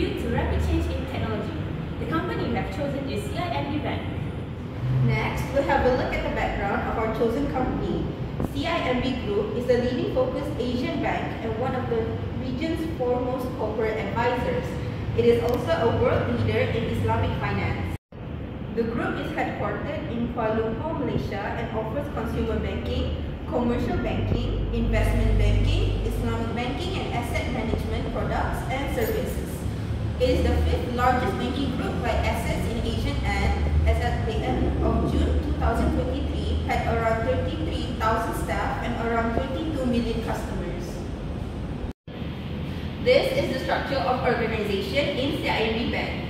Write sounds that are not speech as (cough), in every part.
Due to rapid change in technology, the company we have chosen is CIMB Bank. Next, we'll have a look at the background of our chosen company. CIMB Group is a leading focused Asian bank and one of the region's foremost corporate advisors. It is also a world leader in Islamic finance. The group is headquartered in Kuala Lumpur, Malaysia and offers consumer banking, commercial banking, investment banking, Islamic banking and asset management products and services. It is the fifth largest banking group by assets in Asia and, as at the end of June 2023, had around 33,000 staff and around 22 million customers. This is the structure of organization in CIB Bank.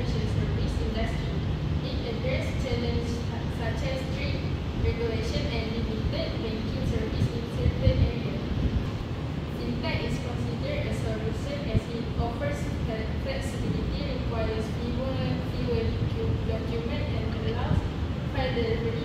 the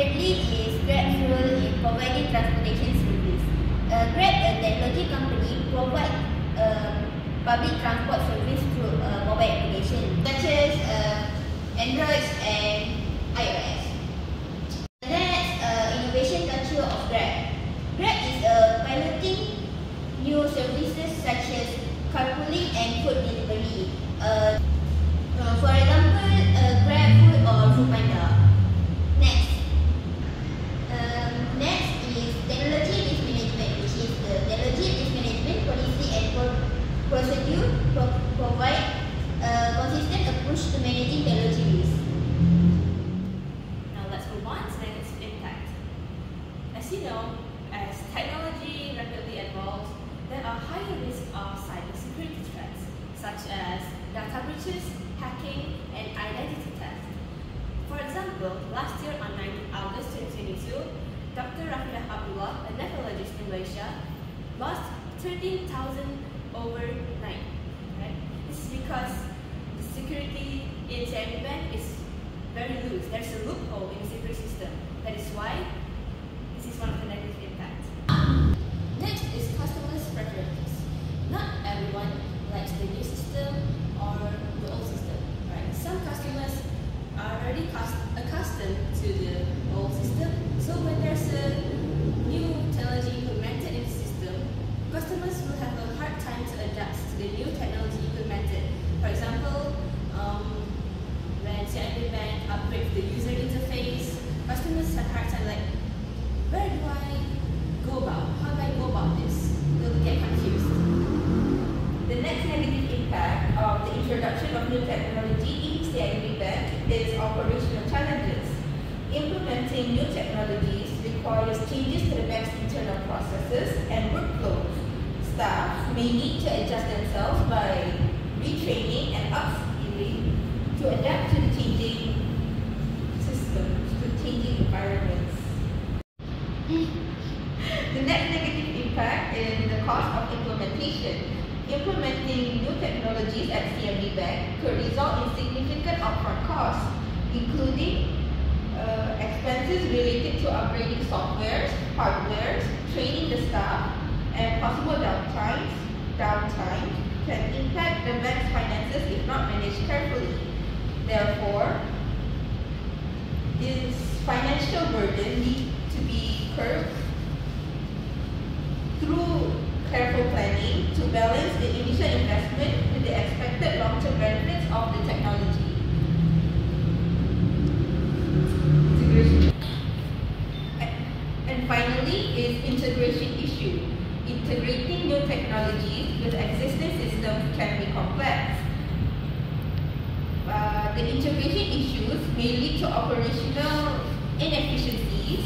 Thirdly is Grab Fuel is providing transportation service. Uh, Grab, a technology company, provide uh, public transport service through uh, mobile application such as uh, Android and last year on 9 August 2022, Dr. Rafidah Abdullah, a nephrologist in Malaysia, lost 13,000 overnight. Right? This is because the security in Taliban is very loose. There's a loophole in the security system. That is why this is one of the negative impacts. operational challenges. Implementing new technologies requires changes to the bank's internal processes and workflows. Staff may need to adjust themselves by retraining and upskilling to adapt to the changing systems, to changing environments. (laughs) the net negative impact is the cost of implementation. Implementing new technologies at CMB Bank could result in significant upfront costs including uh, expenses related to upgrading softwares, hardwares, training the staff, and possible downtimes, downtime can impact the bank's finances if not managed carefully. Therefore, this financial burden needs to be curbed through careful planning to balance the initial investment with the expected long-term benefits of the technology. may lead to operational inefficiencies,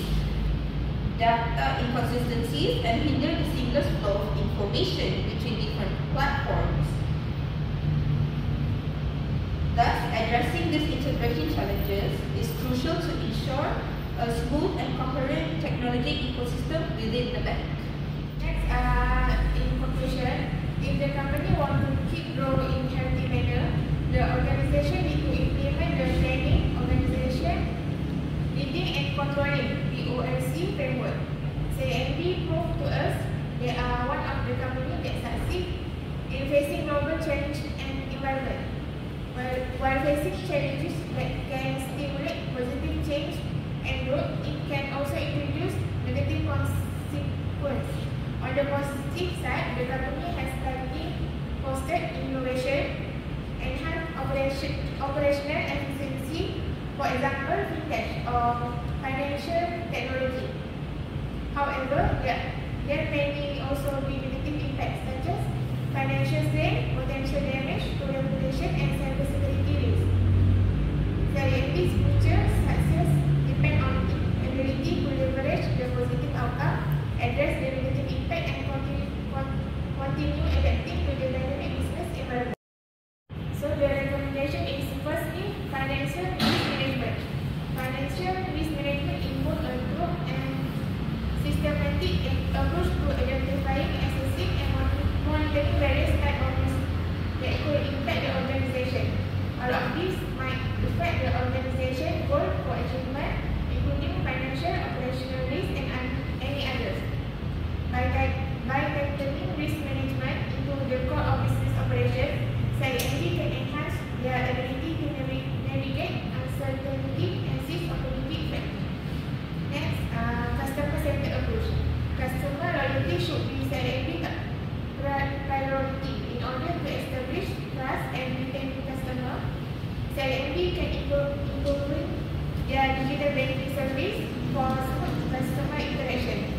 data inconsistencies, and hinder the seamless flow of information between different platforms. Thus, addressing these integration challenges is crucial to ensure a smooth and coherent technology ecosystem within the bank. Next, uh, in conclusion, if the company wants to keep growing in healthy manner, the organization needs to strategies that can stimulate positive change and growth, it can also introduce negative consequences. On the positive side, the company has currently fostered innovation, enhanced operation, operational efficiency, for example, fintech or uh, financial technology. However, there, there may also be negative impacts such as financial strain, potential damage to reputation and cybersecurity. might affect the organization goal for achievement, including financial, operational risk, and any others. By, by tightening risk management into the core of business operations, SAGNG can enhance their their digital banking service for customer interaction.